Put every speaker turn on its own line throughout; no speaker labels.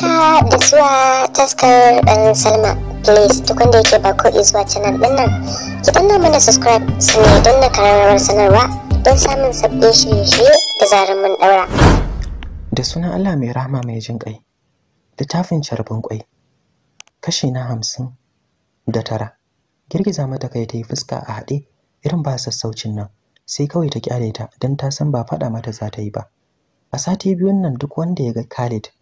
haka da zuwa taskar dan salma please duk wanda yake ba ko zuwa canal din nan ki danna mana subscribe su ne don na kararrawar sanarwa don samun sabbin shirye-shirye da zarar mun daura da sunan allah mai rahama mai jin kai littafin carbin kwai kashi na hamsin da tara girgiza mata kai ta yi fuska a haɗe irin ba sassaucin nan sai kawai ta kyale ta don ta san ba faɗa mata za ta yi ba a sati biyun nan duk wanda ya ga khalid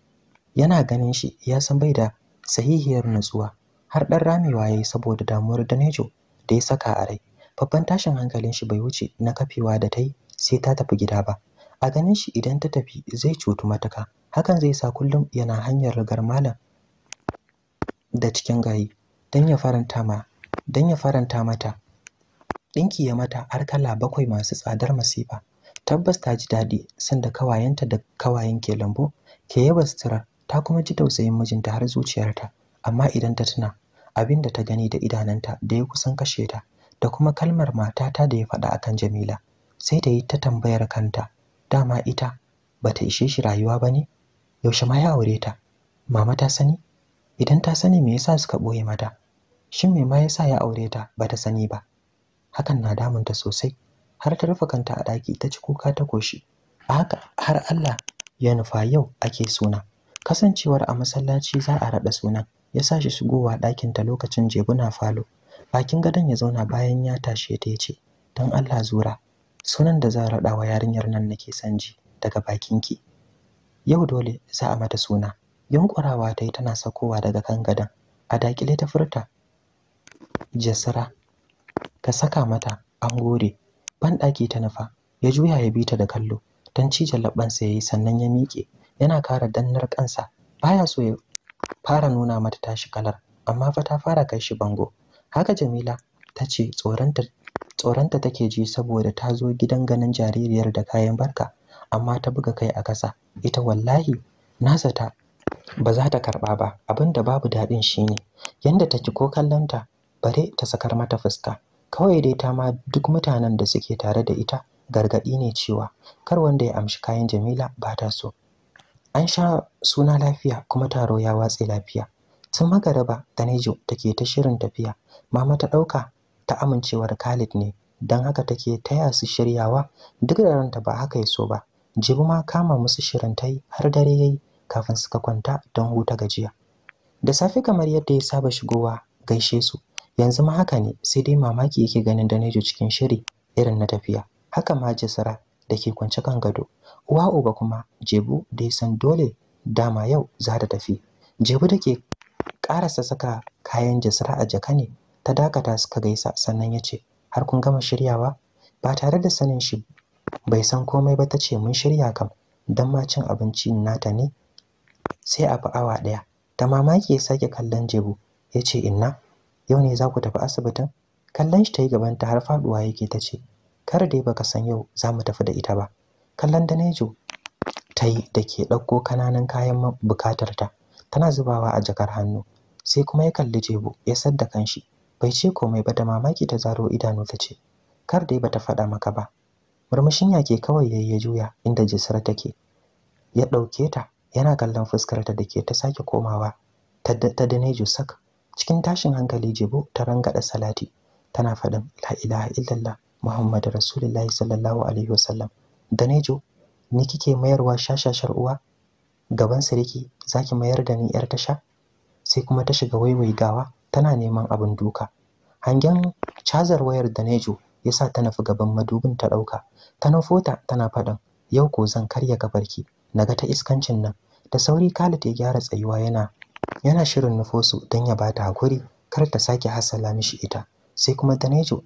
yana ganin shi ya san bai da sahihiyar nutsuwa har dan ramewa yayi saboda damuwar Danejo da ya saka a rai babban tashin hankalin shi bai wuce na kafewa da tai sai ta tafi gida ba a ganin shi idan ta tafi zai cutu mataka hakan zai sa kullum yana hanyar rigar malam da cikin gayi don ya faranta ma dan ya faranta mata ɗinki ya mata har kala bakwai masu tsadar masifa tabbas ta ji daɗi sanda kawayenta da kawayen ke lambu ke yaba sutura ta kuma ji tausayin mijinta har zuciyarta amma idan ta tuna abin da ta gani da idananta da ya kusan kashe ta da kuma kalmar matata da ya faɗa akan Jamila sai ta yi ta tambayar kanta dama ita bata ishe shi rayuwa bane yaushe ma ya aure ta mama ta sani idan ta sani me yasa suka ɓoye mata shin me ma yasa ya aure ta bata sani ba hakan na damunta sosai har ta rufe kanta a ɗaki ta ci kuka ta koshi a haka har Allah ya nufa yau ake suna kasancewar a masallaci za a raɗa sunan ya sa shi shigowa ɗakinta lokacin jebuna falo bakin gadon ya zauna bayan ya tashi ta yace, ce don allah zura sunan da za a raɗa wa yarinyar nan nake son ji daga ki. yau dole za a mata suna yankurawa ta yi tana sakowa daga kan gadon a dakile ta furta jasira ka saka mata an gore banɗaki ta nufa ya juya ya bi ta da kallo don cije labbansa ya yi sannan ya miƙe yana kara dannar kansa baya so ya fara nuna mata tashi kalar amma fa ta fara kai shi bango haka Jamila ta ce tsoronta tsoranta take ji saboda ta zo gidan ganin jaririyar da kayan barka amma ta buga kai a ƙasa. ita wallahi nasa ta ba za ta karba ba abinda babu dadin shine yanda take ko kallanta bare ta sakar mata fuska kawai dai ta ma duk mutanen da suke tare da ita gargaɗi ne cewa kar wanda ya amshi kayan Jamila ba ta so an sha suna lafiya kuma taro ya watse lafiya tun magaraba nejo take ta shirin tafiya mama ta ɗauka ta amincewar khalid ne don haka take taya su shiryawa duk da ranta ba haka ya so ba jibi ma kama musu shirin ta yi har dare ya yi kafin suka kwanta don huta gajiya da safe kamar yadda ya saba shigowa gaishe su yanzu ma haka ne sai dai mamaki yake ganin nejo cikin shiri irin na tafiya haka ma jisara da ke kwance kan gado uwa uba kuma jebu da ya san dole dama yau za ta tafi jebu da ke karasa saka kayan jasira a jaka ne ta dakata suka gaisa sannan ya ce har kun gama shiryawa ba tare da sanin shi bai san komai ba ta ce mun shirya kam don ma cin abinci nata ne sai a fi awa ɗaya ta mamaki ya sake kallon jebu ya ce inna yau ne za ku tafi asibitin kallon shi ta yi gabanta har faɗuwa yake ta ce kar dai baka san yau za mu tafi da ita ba kallon danejo ta yi da ke ɗauko kananan kayan ta. tana zubawa a jakar hannu sai kuma ya kalli jebu ya sadda kanshi bai ce komai ba da mamaki ta zaro idanu ta ce kar dai bata faɗa maka ba murmushin yake kawai yayi ya juya inda jisar take ya ɗauke ta yana kallon fuskar ta da ke ta sake komawa ta da danejo sak cikin tashin hankali jebu ta rangada salati tana faɗin la ilaha illallah Muhammad Rasulullahi sallallahu alaihi wasallam Danejo ni kike mayarwa shashashar uwa gaban sarki zaki mayar da ni yar tasha sai kuma ta shiga gawa. tana neman abin duka hangen cazar wayar Danejo yasa ta nufi gaban madubin ta dauka ta nufota tana faɗin yau ko zan karya gabarki naga ta iskancin nan da sauri Khalid ya gyara tsayuwa yana yana shirin nufosu don ya bata hakuri kar ta sake hasala mishi ita sai kuma Danejo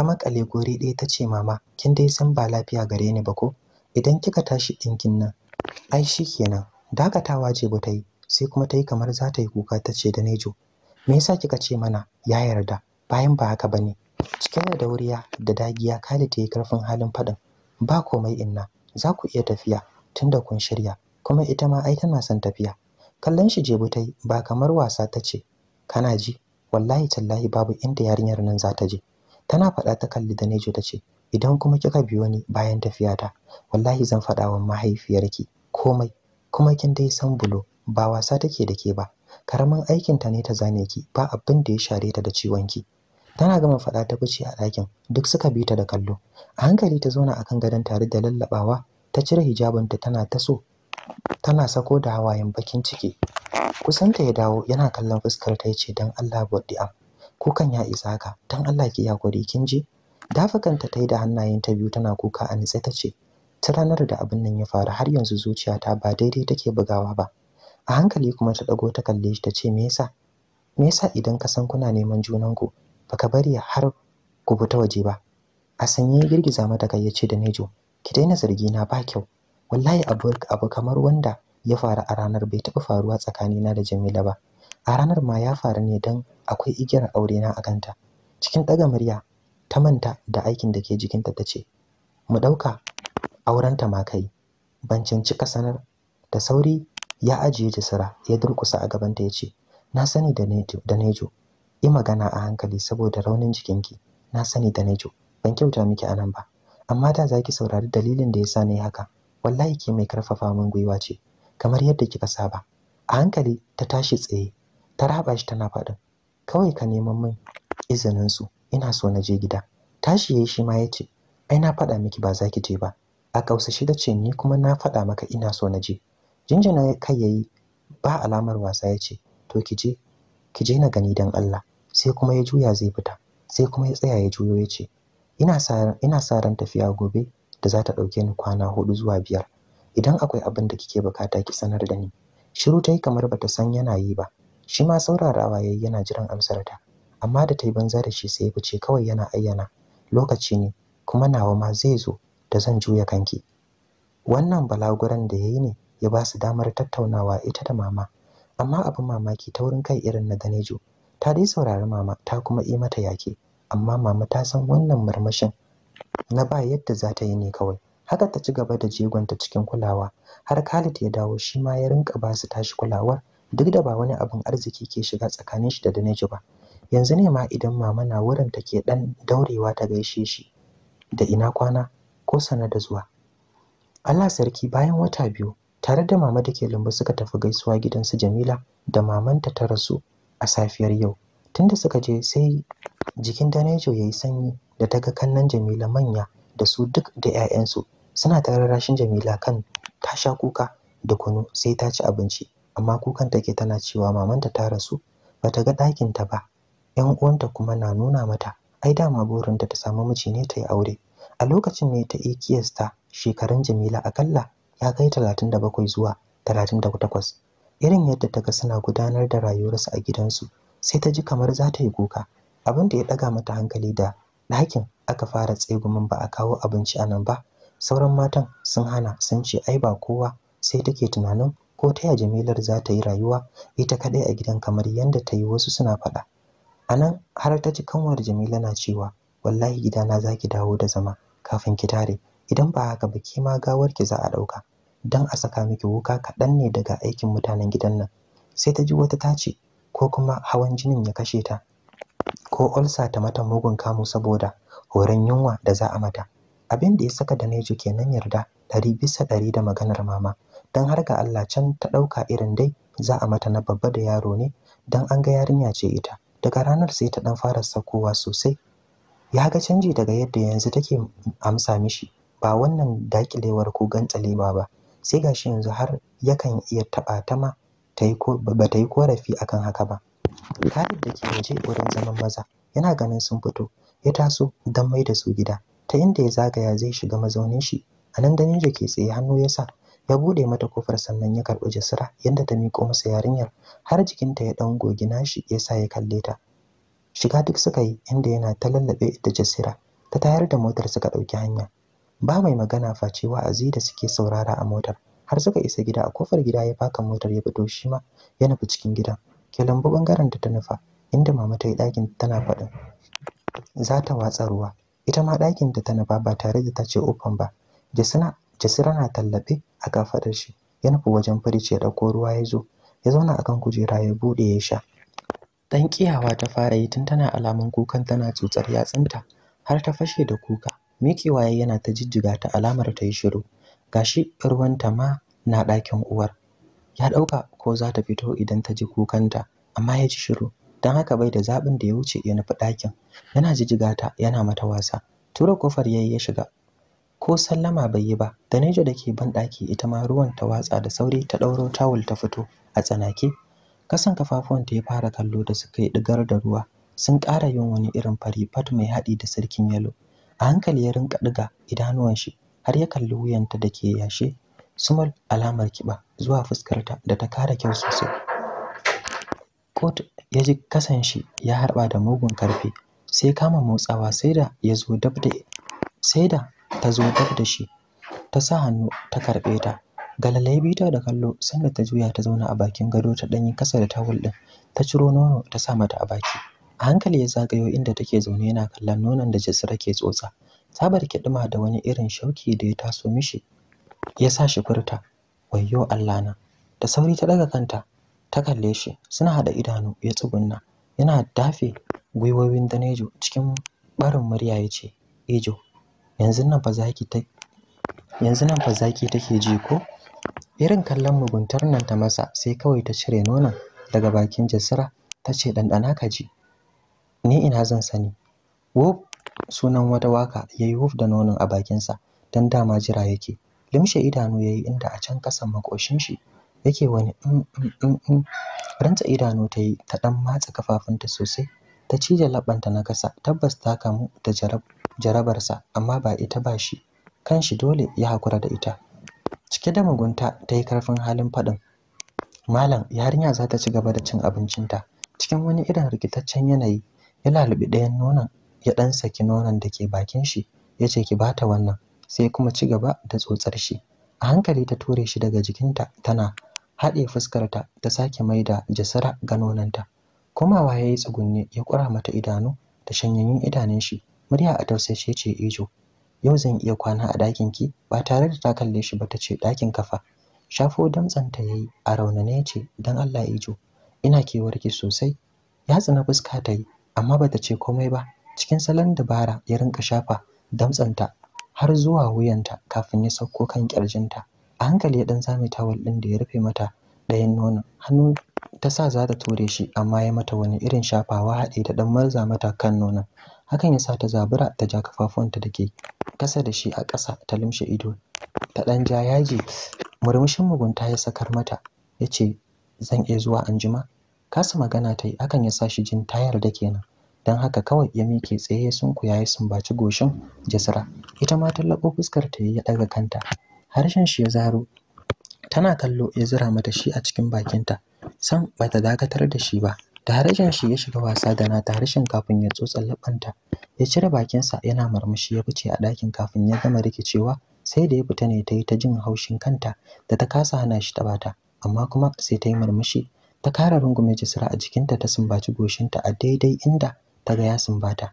ta makale gori ɗaya ta ce mama kin dai san ba lafiya gare ni ba ko idan kika tashi ɗinkin nan ai shi kenan dakatawa ce ba ta yi sai kuma ta yi kamar za ta yi kuka ta ce da nejo me yasa kika ce mana ya yarda bayan ba haka ne. cikin da dauriya da dagiya kali ta yi karfin halin faɗin ba komai inna za ku iya tafiya tunda kun shirya kuma ita ma ai tana son tafiya kallon shi jebu butai, ba kamar wasa ta ce kana ji wallahi tallahi babu inda yarinyar nan za ta je tana faɗa ta kalli da nejo ta ce idan kuma kika biyo ni bayan tafiyata wallahi zan faɗa wa mahaifiyarki komai kuma kin dai san bulo ba wasa take da ke ba karamin aikin ta ne ta zane ki ba abin da ya share ta da ciwon ki tana gama faɗa ta fice a ɗakin duk suka bi ta da kallo a hankali ta zauna akan gadon tare da lallabawa ta cire hijabinta tana ta so tana sako da hawayen bakin ciki kusanta ya dawo yana kallon fuskar ta ce don Allah bodi kukan ya isa haka dan Allah ki ya kwari kin je Dafakanta ta yi da ta biyu tana kuka a nitse ta ce ta ranar da abin nan ya faru har yanzu zuciyata ba daidai take bugawa ba a hankali kuma ta dago ta kalle shi ta ce me yasa me yasa idan ka san kuna neman junan ku baka bari har ku fita waje ba a sanye ya girgiza mata kai ya ce da nejo ki daina zargi na ba kyau wallahi abu abu kamar wanda ya faru a ranar bai taɓa faruwa tsakanina da Jamila ba a ranar ma ya faru ne don akwai igiyar aure na a kanta cikin ɗaga murya ta manta da aikin da ke jikinta ta ce mu ɗauka aurenta ma kai ban ka sanar da sauri ya ajiye jisira ya durƙusa a gabanta ya ce na sani da nejo yi magana a hankali saboda raunin jikinki na sani da nejo ban kyauta miki a nan ba amma da za ki saurari dalilin da ya sa yi haka wallahi ke mai karfafa min gwiwa ce kamar yadda kika saba a hankali ta tashi tsaye ta raba shi tana faɗin kawai ka neman min izinin su ina so na je gida tashi yayi shi ma yace ai na faɗa miki ba za ki je ba a kausa shi ce ni kuma na faɗa maka ina so na je jinjina kai yayi ba alamar wasa yace to ki je ki je na gani dan Allah sai kuma ya juya zai fita sai kuma ya tsaya ya juyo yace ina sa ina sa ran tafiya gobe da za ta dauke ni kwana hudu zuwa biyar idan akwai abin da kike bukata ki sanar da ni shiru ta yi kamar bata san yana yi ba shi ma saurarawa yi yana jiran amsar ta amma da ta yi banza da shi sai ya fice kawai yana ayyana lokaci ne kuma nawa ma zai zo da zan juya kanki wannan balaguran da ya yi ne ya ba su damar tattaunawa ita da mama amma abin mamaki ta wurin kai irin na Danejo ta dai saurari mama ta kuma yi mata yake amma mama ta san wannan murmushin na ba yadda za ta yi ne kawai haka ta ci gaba da jegonta cikin kulawa har Khalid ya dawo shi ma ya rinka ba su tashi kulawar duk da ba wani abin arziki ke shiga tsakanin shi da Danejo ba yanzu ne ma idan mama na wurin ke dan daurewa ta gaishe shi da ina kwana ko sana da zuwa Allah sarki bayan wata biyu tare da mama da ke lumbu suka tafi gaisuwa gidan su Jamila da mamanta ta rasu a safiyar yau tunda suka je sai jikin Danejo yayi sanyi da ta ga kannan Jamila manya da su duk da 'ya'yansu suna tare rashin Jamila kan ta sha kuka da kunu sai ta ci abinci amma kukan take tana cewa mamanta ta rasu bata ga ɗakinta ba ƴan uwanta kuma na nuna mata ai dama burinta ta samu miji ne ta yi aure a lokacin ne ta yi kiyasta shekarun Jamila akalla ya kai 37 zuwa 38 irin yadda ta ga suna gudanar da rayuwarsu a gidansu sai ta ji kamar za ta yi kuka abin da ya ɗaga mata hankali da ɗakin aka fara tsegumin ba a kawo abinci a nan ba sauran matan sun hana sun ce ai ba kowa sai take tunanin ko ta ya Jamilar za ta yi rayuwa ita kadai a gidan kamar yadda ta yi wasu suna faɗa. A nan har ta ji kanwar Jamila na cewa wallahi gidana za ki dawo da zama kafin ki tare idan ba haka ba ki ma gawar ki za a ɗauka don a saka miki wuka kaɗan ne daga aikin mutanen gidan nan. Sai ta ji wata ta ce ko kuma hawan jinin ya kashe ta ko olsa ta mata mugun kamu saboda horon yunwa da za a mata. Abin da ya saka da Nejo kenan yarda ɗari bisa ɗari da maganar mama. don har ga Allah can ta ɗauka irin dai za a mata na babba da yaro ne don an ga yarinya ce ita daga ranar sai ta ɗan fara sakowa sosai ya ga canji daga yadda yanzu take amsa mishi ba wannan dakilewar ko gantsalewa ba sai gashi yanzu har yakan iya taɓa ta ma ba ta yi korafi akan haka ba Khalid da ke waje wurin zaman maza yana ganin sun fito ya taso don mai da su gida ta inda ya zagaya zai shiga mazaunin shi a nan da ke tsaye hannu ya sa ya bude mata kofar sannan ya karbi jisira yadda ta miƙo masa yarinyar har jikinta ya dan gogi nashi ya sa ya kalle ta shiga duk suka yi inda yana ta lallaɓe da jasira ta tayar da motar suka ɗauki hanya ba mai magana a zai da suke saurara a motar har suka isa gida a kofar gida ya faka motar ya fito shi ma ya nufi cikin gidan ke lambu bangaren da ta nufa inda mama ta yi ɗakin tana faɗin za ta watsa ruwa ita ma ɗakin da ta nufa ba tare da ta ce ofan ba jasina Jasira na tallafe a kafaɗar shi ya nufi wajen fari ya ɗauko ruwa ya zo ya zauna akan kujera ya buɗe ya sha Ɗan kiyawa ta fara yi tun tana alamun kukan tana tsutsar yatsunta har ta fashe da kuka miƙewa ya yana ta jijjiga ta alamar ta yi shiru gashi ruwanta ma na ɗakin uwar ya ɗauka ko za ta fito idan ta ji kukanta amma ya ji shiru don haka bai da zaɓin da ya wuce ya nufi ɗakin yana jijjiga ta yana mata wasa tura kofar yayi ya shiga ko sallama bai yi ba da neja da ke banɗaki ita ma ruwan ta watsa da sauri ta ɗauro tawul ta fito a tsanake kasan kafafuwan ta ya fara kallo da suka yi ɗigar da ruwa sun ƙara yin wani irin fari fat mai haɗi da sarkin yalo a hankali ya rinka ɗiga idanuwan shi har ya kalli wuyanta da ke yashe sumal alamar kiba zuwa fuskarta da ta kara kyau sosai kot ya ji kasan shi ya harba da mugun karfi sai kama motsawa sai da ya zo dab da sai da ta zo dab da shi ta sa hannu ta karɓe ta galalai biyu ta da kallo sanda ta juya ta zauna a bakin gado ta ɗanyi kasa da tawul ɗin ta ciro nono ta sa mata a baki a hankali ya zagayo inda take zaune yana kallon nonon da jisira ke tsotsa sabar kiɗima da wani irin shauki da ya taso mishi ya sa shi furta wayyo Allah na da sauri ta daga kanta ta kalle shi suna hada idanu ya tsugunna yana dafe gwiwowin danejo cikin barin murya ya ce Ejo. yanzu nan fa zaki ta yanzu take ji ko irin kallon muguntar nan ta masa sai kawai ta cire nonon daga bakin jasira ta ce ɗanɗana ka ji ni ina zan sani wuf sunan wata waka ya yi wuf da nonon a bakinsa don dama jira yake limshe idanu ya yi inda a can kasan makoshin shi yake wani mm, mm, mm, rantsa idanu ta yi ta ɗan matsa kafafunta sosai ta cije labanta na kasa tabbas ta kamu da jarabarsa amma ba ita ba shi kanshi dole ya hakura da ita cike da mugunta ta yi karfin halin faɗin malam yarinya za ta ci gaba da cin abincinta cikin wani irin rikitaccen yanayi ya lalubi ɗayan nonon ya ɗan saki nonon da ke bakin shi ya ce ki bata wannan sai kuma ci gaba da tsotsar shi a hankali ta ture shi daga jikinta tana haɗe fuskarta ta sake maida jasara ga nononta komawa ya yi tsugunne ya kura mata idanu da shanyayyun idanun shi murya a tausashe ce ijo yau zan iya kwana a ɗakin ki ba tare da ta kalle shi ba ta ce ɗakin kafa shafo damtsanta ya yi a raunane ce don allah ijo ina kewarki sosai ya tsina fuska ta yi amma ba ta ce komai ba cikin salon dabara ya rinka shafa damtsanta har zuwa wuyanta kafin ya sauko kan kirjinta a hankali ya dan zame tawul ɗin da ya rufe mata ɗayan nonon hannu ta sa za ta ture shi amma ya mata wani irin shafawa haɗe da ɗan marza mata kan nonon hakan ya sa ta zabura ta ja kafafunta da ke kasa da shi a ƙasa ta lumshe ido ta ɗan ja yaji murmushin mugunta ya sakar mata ya ce zan iya zuwa anjima kasa magana ta yi hakan ya sa shi jin tayar da kenan don haka kawai ya miƙe tsaye ya sunkuya ya sumbaci goshin jasira ita ma ta laɓo fuskar ta ya ɗaga kanta harshen shi ya zaro tana kallo ya zira mata shi a cikin bakinta sam bata dakatar da shi ba da harshen shi ya shiga wasa da nata harshen kafin ya tsotsa labanta ya cire bakinsa yana marmashi ya fice a dakin kafin ya gama rikicewa sai da ya fita ne ta yi ta jin haushin kanta da ta kasa hana shi ta bata. amma kuma sai ta yi murmushi ta kara rungume jisira a jikinta ta sumbaci goshinta a daidai inda ta ga ya sumbata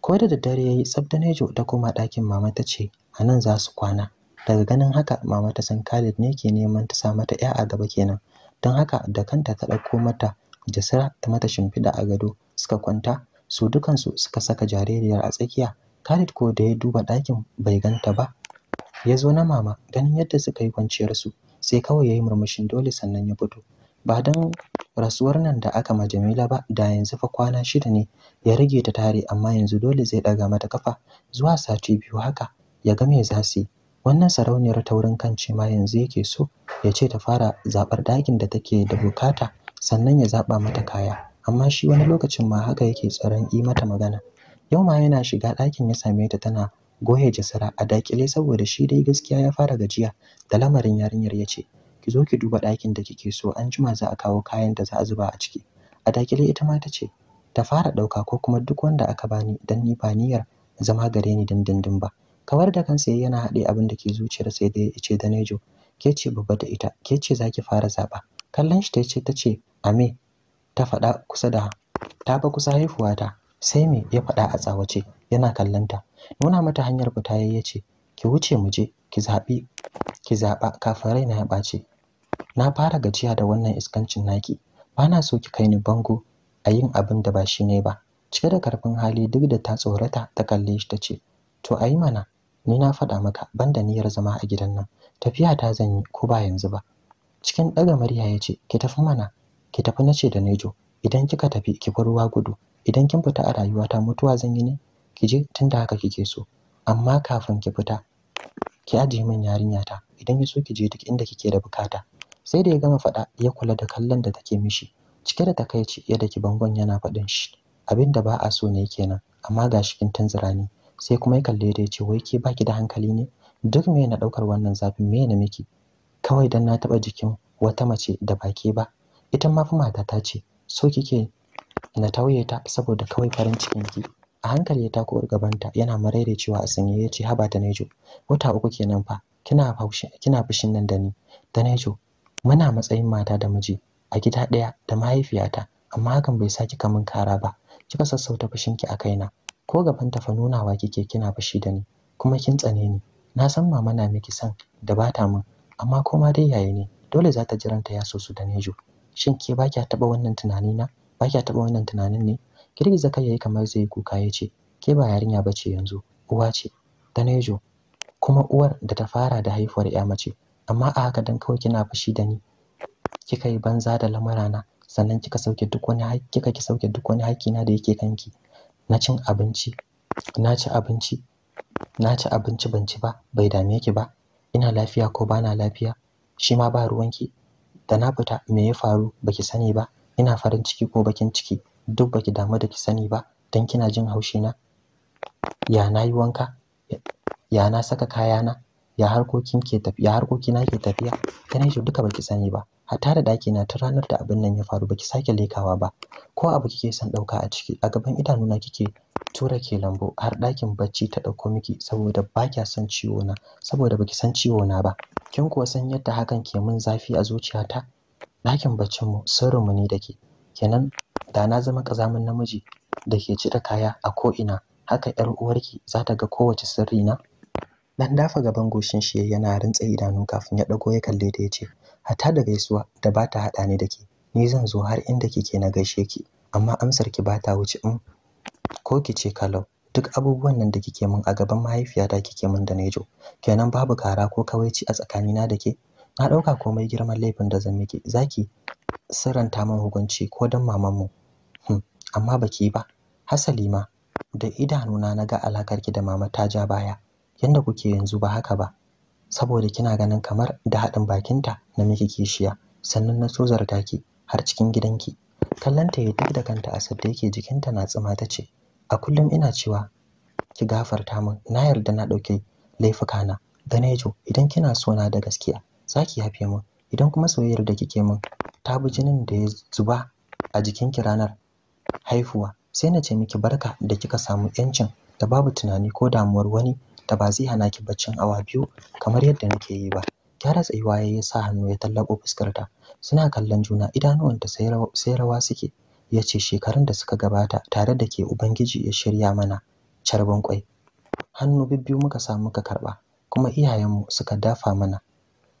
ko da daddare ya yi tsabdanejo ta koma ɗakin mama ta ce a nan za su kwana daga ganin haka mama ta san Khalid ne ke neman ta sa mata 'ya a gaba kenan don haka da kanta ta ɗauko mata jasira ta mata shimfiɗa a gado suka kwanta su dukansu suka saka jaririyar a tsakiya Khalid ko da ya duba ɗakin bai ganta ba ya zo na mama ganin yadda suka yi kwanciyar su sai kawai ya yi murmushin dole sannan ya fito ba don rasuwar nan da aka ma Jamila ba da yanzu fa kwana shida ne ya rage ta tare amma yanzu dole zai ɗaga mata kafa zuwa sati biyu haka ya ga me za su yi wannan sarauniyar taurin kan ce ma yanzu yake so ya ce ta fara zaɓar ɗakin da take da bukata sannan ya zaɓa mata kaya amma shi wani lokacin ma haka yake tsaron yi mata magana yau ma yana shiga ɗakin ya same ta tana goye jasara a dakile saboda shi dai gaskiya ya fara gajiya da lamarin yarinyar ya ce ki zo ki duba ɗakin da kike so an jima za a kawo kayan da za a zuba a ciki a dakile ita ma ta ce ta fara ɗauka ko kuma duk wanda aka bani dan ni ba zama gare ni dindindin ba kawar da kansa yana haɗe abin da ke zuciyar sai dai ya ce danejo ke ce babba da ita ke ce zaki fara zaɓa kallon shi ta ce ta ce ame ta faɗa kusa da ta fa kusa haifuwa ta sai me ya faɗa a tsawace yana kallon nuna mata hanyar fita ya ce ki wuce mu je ki zaɓi ki zaɓa kafin raina ya ɓace na fara gajiya da wannan iskancin naki ba na so ki kai ni bango a yin abin da ba shi ne ba cike da karfin hali duk da ta tsorata ta kalle shi ta ce to a yi mana ni na faɗa maka ban da niyyar zama a gidan nan tafiya ta zan yi ko ba yanzu ba cikin ɗaga murya ya ce ki tafi mana ki tafi na ce da nejo idan kika tafi ki bar ruwa gudu idan kin fita a rayuwata mutuwa zan yi ne ki je tun da haka kike so amma kafin ki fita ki ajiye min yarinya ta. idan ki so ki je duk inda kike da bukata sai da ya gama faɗa ya kula da kallon da take mishi cike da takaici yadda ki bangon yana faɗin shi Abinda ba a so ne kenan amma ga shi kin tanzira ni sai kuma ya kalle ta ya ce wai ke baki da hankali ne duk me na daukar wannan zafin me na miki kawai dan na taba jikin wata mace da baki ba ita ma fa mata ta ce so kike na tauye ta saboda kawai farin cikin ki a hankali ya tako gabanta yana maraire cewa a sanye ya ce haba ta nejo wata uku kenan fa kina faushi kina fushin nan da ni ta nejo muna matsayin mata da miji a gida ɗaya da mahaifiyata amma hakan bai sa kika kara ba kika sassauta fushinki a kaina ko gaban ta fa nunawa kike kina fushi da ni kuma kin tsane ni na san mama na miki san da bata min amma koma dai yayi ne dole za ta jiranta ya so su da jo shin ke ba kya taba wannan tunani na ba kya taba wannan tunanin ne Kirki zaka yayi kamar zai kuka ya ce ke ba yarinya bace yanzu uwa ce da jo kuma uwar da ta fara da haifuwar ya mace amma a haka dan kawai kina fushi da ni kika yi banza da lamarana sannan kika sauke duk wani kika ki sauke duk wani haƙƙi na da yake kanki na cin abinci na ci abinci na ci abinci ban ci ba bai dame ki ba ina lafiya ko bana lafiya shi ma ba ruwanki da na fita me ya faru baki sani ba ina farin ciki ko bakin ciki duk baki damu da ki sani ba dan kina jin haushi na ya na yi wanka ya na saka kaya na ya harkokin ke tafiya harkokina ke tafiya kana shi duka baki sani ba hatta da na ta ranar da abin nan ya faru baki sake lekawa ba ko abu kike son ɗauka a ciki a gaban idanuna kike tura ke lambo har ɗakin bacci ta ɗauko miki saboda ba kya son ciwo na saboda baki san ciwo na ba kin kuwa san yadda hakan ke min zafi a zuciyata ɗakin baccin mu sirrinmu ne dake kenan da na zama ƙazamin namiji da ke cire kaya a ko ina haka yar uwarki za ta ga kowace sirri na dan dafa gaban goshin shi yana rintsa idanu kafin ya dago ya kalle ta yace Hata da gaisuwa da ba ta haɗa ni da ke ni zan zo har inda kike na gaishe ki amma amsar ki ba ta wuce in mm, ko ki ce kalau duk abubuwan nan da kike min a gaban mahaifiyata kike min da nejo kenan babu kara ko kawaici a tsakanina da ke na ɗauka komai girman laifin da zan miki zaki siranta min hukunci ko don mamanmu hmm, amma baki ba hasali ma da idanuna na ga alakar ki da mama ta ja baya yanda kuke yanzu ba haka ba saboda kina ganin kamar da haɗin bakinta na miki kishiya sannan na so ki har cikin gidanki kallanta ya duk da kanta a sadda yake jikinta na tsima ta ce a kullum ina cewa ki gafarta min na yarda na ɗauke laifukana danejo idan kina so na da gaskiya za ki yafe min idan kuma soyayyar da kike min ta bi jinin da ya zuba a jikinki ranar haifuwa sai na ce miki barka da kika samu yancin da babu tunani ko damuwar wani da ba zai hana ki baccin awa biyu kamar yadda nake yi ba gyara tsayuwa ya sa hannu ya tallabo fuskarta suna kallon juna idanuwanta sai rawa suke ya ce shekarun da suka gabata tare da ke ubangiji ya shirya mana carbin kwai hannu bibbiyu muka samu muka karba kuma iyayenmu suka dafa mana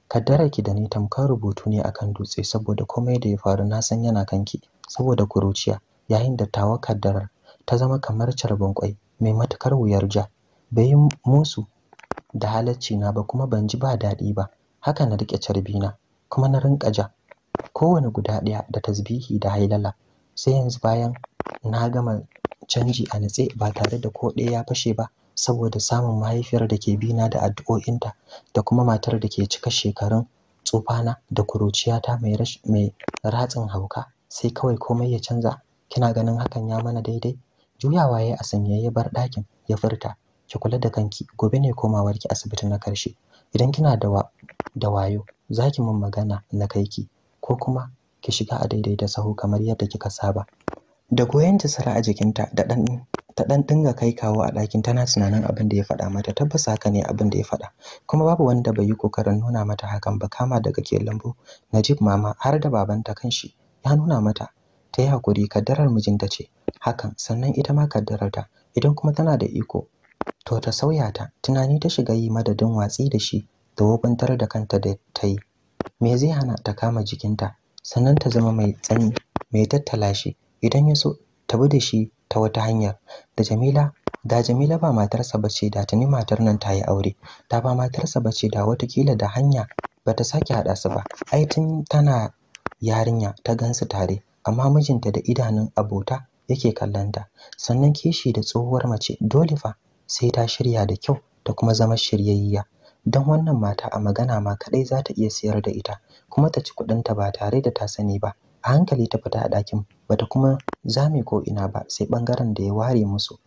kaddara ki da ni tamkar rubutu ne akan dutse saboda komai da ya faru na san yana kanki saboda kuruciya yayin da tawa kaddarar ta zama kamar carbin kwai mai matukar wuyar ja bai yi musu da halacci na ba kuma ban ji ba daɗi ba haka na rike na, kuma na rinka ja kowane guda ɗaya da tasbihi da hailala sai yanzu bayan na gama canji a natse ba tare da ko ɗaya ya fashe ba saboda samun mahaifiyar da ke bina da addu'o'inta da kuma matar da ke cika shekarun tsufana da kuruciyata mai mai ratsin hauka sai kawai komai ya canza kina ganin hakan ya mana daidai juyawa yayi a sanye ya bar ɗakin ya furta ki kula da kanki gobe ne komawarki asibiti na karshe idan kina da da wayo zaki mun magana na kai ki ko kuma ki shiga a daidai da sahu kamar yadda kika saba da goyen ta sara a jikinta da dan ta dan dinga kai kawo a ɗakin tana tunanin abin da ya faɗa mata tabbas haka ne abin da ya faɗa kuma babu wanda bai yi kokarin nuna mata hakan ba kama daga ke lambu najib mama har da babanta kanshi ya nuna mata ta yi hakuri kaddarar mijinta ce hakan sannan ita ma kaddararta idan kuma tana da iko to ta sauya ta tunani ta shiga yi madadin watsi da shi da wabantar da kanta da ta yi me zai hana ta kama jikinta sannan ta zama mai tsani mai tattala shi idan ya so ta bi da shi ta wata hanyar da jamila da jamila ba matarsa ba ce da tuni matar nan ta yi aure ta ba matarsa ba ce da watakila da hanya ba ta sake haɗa su ba ai tun tana yarinya ta gansu tare amma mijinta da idanun abota yake kallonta sannan kishi da tsohuwar mace dole fa sai ta shirya da kyau ta kuma zama shiryayya don wannan mata a magana ma kadai za ta iya siyar da ita kuma ta ci kuɗinta ba tare da ta sani ba a hankali ta fita a ɗakin bata kuma zame ko ina ba sai ɓangaren da ya ware musu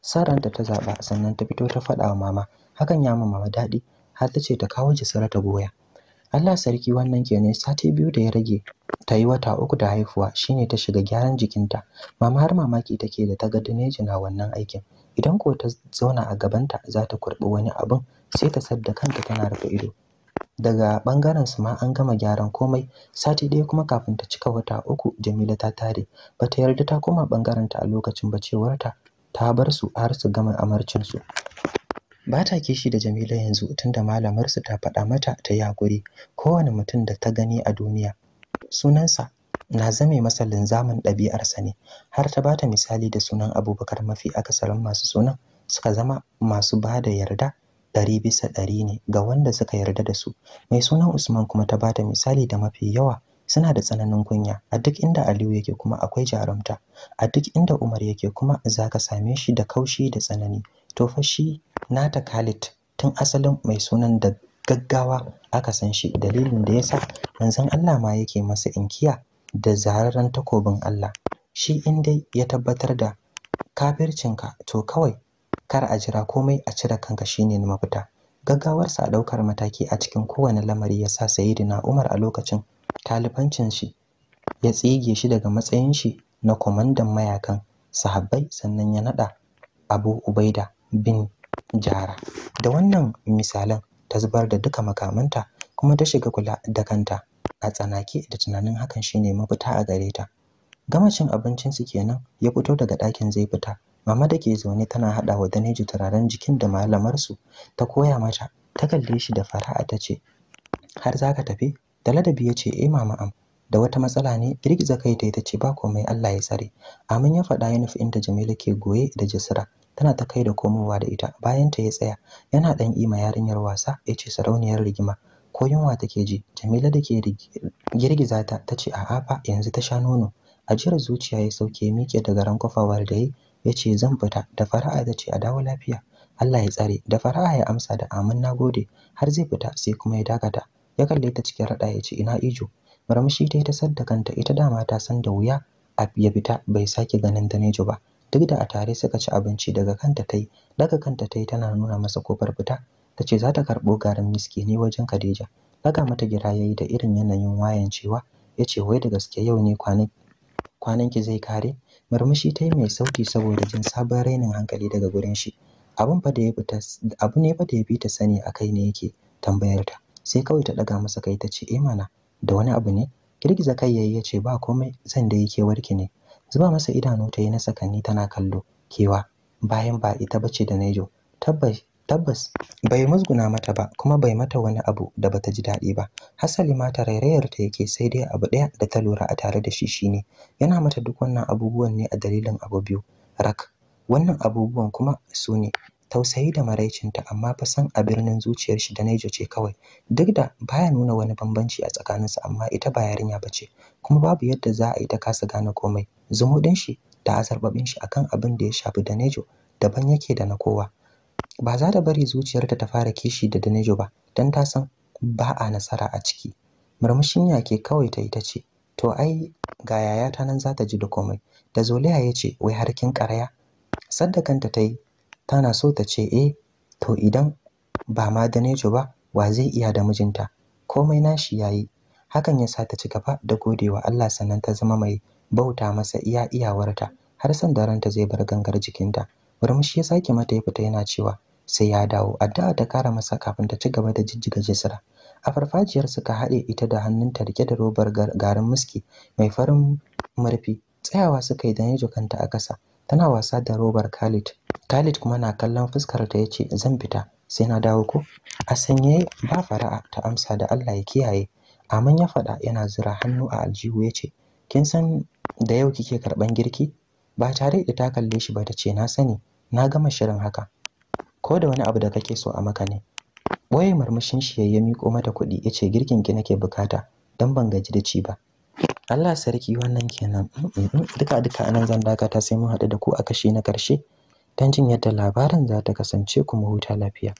saranta ta zaɓa sannan ta fito ta faɗa wa mama hakan ya ma mama daɗi har ta ce ta kawo jisira ta goya Allah sarki wannan kenan sati biyu da ya rage ta yi wata uku da haifuwa shine ta shiga gyaran jikinta mama har mamaki take da ta ga na wannan aikin idan ko ta zauna a gabanta za ta kurɓi wani abun sai ta sadda kanta tana rufe ido daga bangaren su ma an gama gyaran komai sati ɗaya kuma kafin ta cika wata uku jamila ta tare bata yarda ta koma bangaren ta a lokacin ba cewarta ta bar su har su gama amarcin su ba ta kishi da jamila yanzu tunda malamar su ta faɗa mata ta yi hakuri kowane mutum da ta gani a duniya sunansa na zame masa linzamin ɗabi'arsa ne har ta bata misali da sunan abubakar mafi akasarin masu sunan suka zama masu ba da yarda ɗari bisa ɗari ne ga wanda suka yarda da su mai sunan usman kuma ta bata misali da mafi yawa suna da tsananin kunya a duk inda aliyu yake kuma akwai jarumta a duk inda umar yake kuma za ka same shi da kaushi da tsanani to fa shi nata khalid tun asalin mai sunan da gaggawa aka san shi dalilin da yasa manzon Allah ma yake masa inkiya da zararren takobin Allah shi in dai ya tabbatar da kafircinka to kawai kar a jira komai a cire kanka shine na mafita gaggawarsa a ɗaukar mataki a cikin kowane lamari ya sa sayidina Umar a lokacin talibancin shi ya tsige shi daga matsayin shi na kwamandan mayakan sahabbai sannan ya nada Abu Ubaida bin Jara da wannan misalan ta zubar da duka makamanta kuma ta shiga kula da kanta a tsanake da tunanin hakan shine mafita a gare ta gama cin abincin abincinsu kenan ya fito daga ɗakin zai fita mama da ke zaune tana haɗa wa daneji turaren jikin da malamarsu ta koya mata ta kalle shi da fara'a ta ce har za ka tafi da ladabi ya ce e mama am da wata matsala ne girgiza kai ta ce ba komai Allah ya tsare amin ya faɗa ya nufi inda Jamila ke goye da jisira tana ta kai da komowa da ita bayan ta ya tsaya yana ɗan ima yarinyar wasa ya ce sarauniyar rigima ko yunwa take ji jamila da ke girgiza ta ta ce a'a fa yanzu ta sha nono ajiyar zuciya ya sauke mike daga rankwafawar da ya ya ce zan fita da fara'a ta ce a dawo lafiya Allah ya tsare da fara'a ya amsa da amin na gode. har zai fita sai kuma ya dakata ya kalle ta cikin rada ya ce ina ijo murmushi ta ta sadda kanta ita dama ta san da wuya a ya fita bai sake ganin nejo ba duk da a tare suka ci abinci daga kanta ta yi, daga kanta ta yi tana nuna masa kofar fita ta ce za ta karɓo garin miski ne wajen Khadija. Daga mata gira ya yi da irin yanayin wayan cewa ya ce wai da gaske yau ne kwananki zai kare? Murmushi ta yi mai sauki saboda jin sabon rainin hankali daga gurin shi. abu ne ba da ya bi ta sani a kai ne yake tambayar ta. Sai kawai ta ɗaga masa kai ta ce e mana da wani abu ne? Girgiza kai ya yi ya ce ba komai zan da yake warki ne. Zuba masa idanu ta yi na sakanni tana kallo kewa bayan ba ita bace da Nejo. Tabbas tabbas bai musguna mata ba kuma bai mata wani abu da bata ji daɗi ba hasali ma tarairayar ta yake sai dai abu ɗaya da ta lura a tare da shi shine yana mata duk wannan abubuwan ne a dalilin abu biyu rak wannan abubuwan kuma su ne tausayi da maraicinta amma fa san a birnin zuciyar shi da Naijo ce kawai duk da baya nuna wani bambanci a tsakaninsu amma ita ba yarinya ba ce, kuma babu yadda za a yi ta kasa gane komai zumuɗin shi da azarbabin shi akan abin da ya shafi da Naijo daban yake da na kowa ba za ta bari zuciyarta ta fara kishi da Danejo ba don ta san ba a nasara a ciki murmushin yake kawai ta yi ce to ai ga yayata nan za ta ji da komai da zoliya ya ce wai harkin karaya saddakanta ta yi tana so ta ce eh to idan ba ma Danejo ba wa zai iya da mijinta komai nashi yayi hakan ya sa ta ci gaba da godewa Allah sannan ta zama mai bauta masa iya iyawarta har san da ranta zai bar gangar jikinta murmushi ya sake mata ya fita yana cewa sai ya dawo addu'a ta kara masa kafin ta ci gaba da jijjiga jisira a farfajiyar suka haɗe ita da hannunta rike da robar garin muski mai farin murfi tsayawa suka yi da ya kanta a ƙasa tana wasa da robar Khalid Khalid kuma na kallon fuskar ta ya ce zan fita sai na dawo ko a sanye ba fara'a ta amsa da Allah ya kiyaye aman ya faɗa yana zura hannu a aljihu yace kin san da yau kike karɓan girki ba tare da ta kalle shi ba ta ce na sani na gama shirin haka ko da wani abu da kake so a maka ne boye murmushin shi yayi miko mata kuɗi yace girkin ki nake bukata dan ban gaji da ci ba Allah sarki wannan kenan mm, mm, mm. duka duka anan zan dakata sai mun haɗu da ku a kashi na karshe dan jin yadda labarin za ta kasance kuma huta lafiya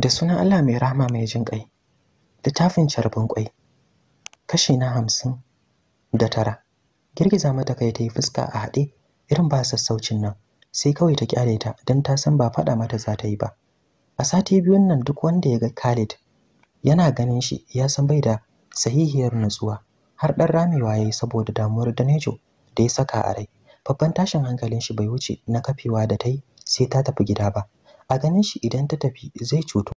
da sunan Allah mai rahama mai jin kai littafin carbin kwai kashi na hamsin da tara girgiza mata kai ta yi fuska a haɗe irin ba sassaucin nan sai kawai ta kyale ta don ta san ba faɗa mata za ta yi ba a sati biyun nan duk wanda ya ga Khalid yana ganin shi ya san bai da sahihiyar nutsuwa har ɗan ramewa ya yi saboda damuwar Danejo da ya saka a rai babban tashin hankalin shi bai wuce na kafewa da ta yi sai ta tafi gida ba a ganin shi idan ta tafi zai cuto.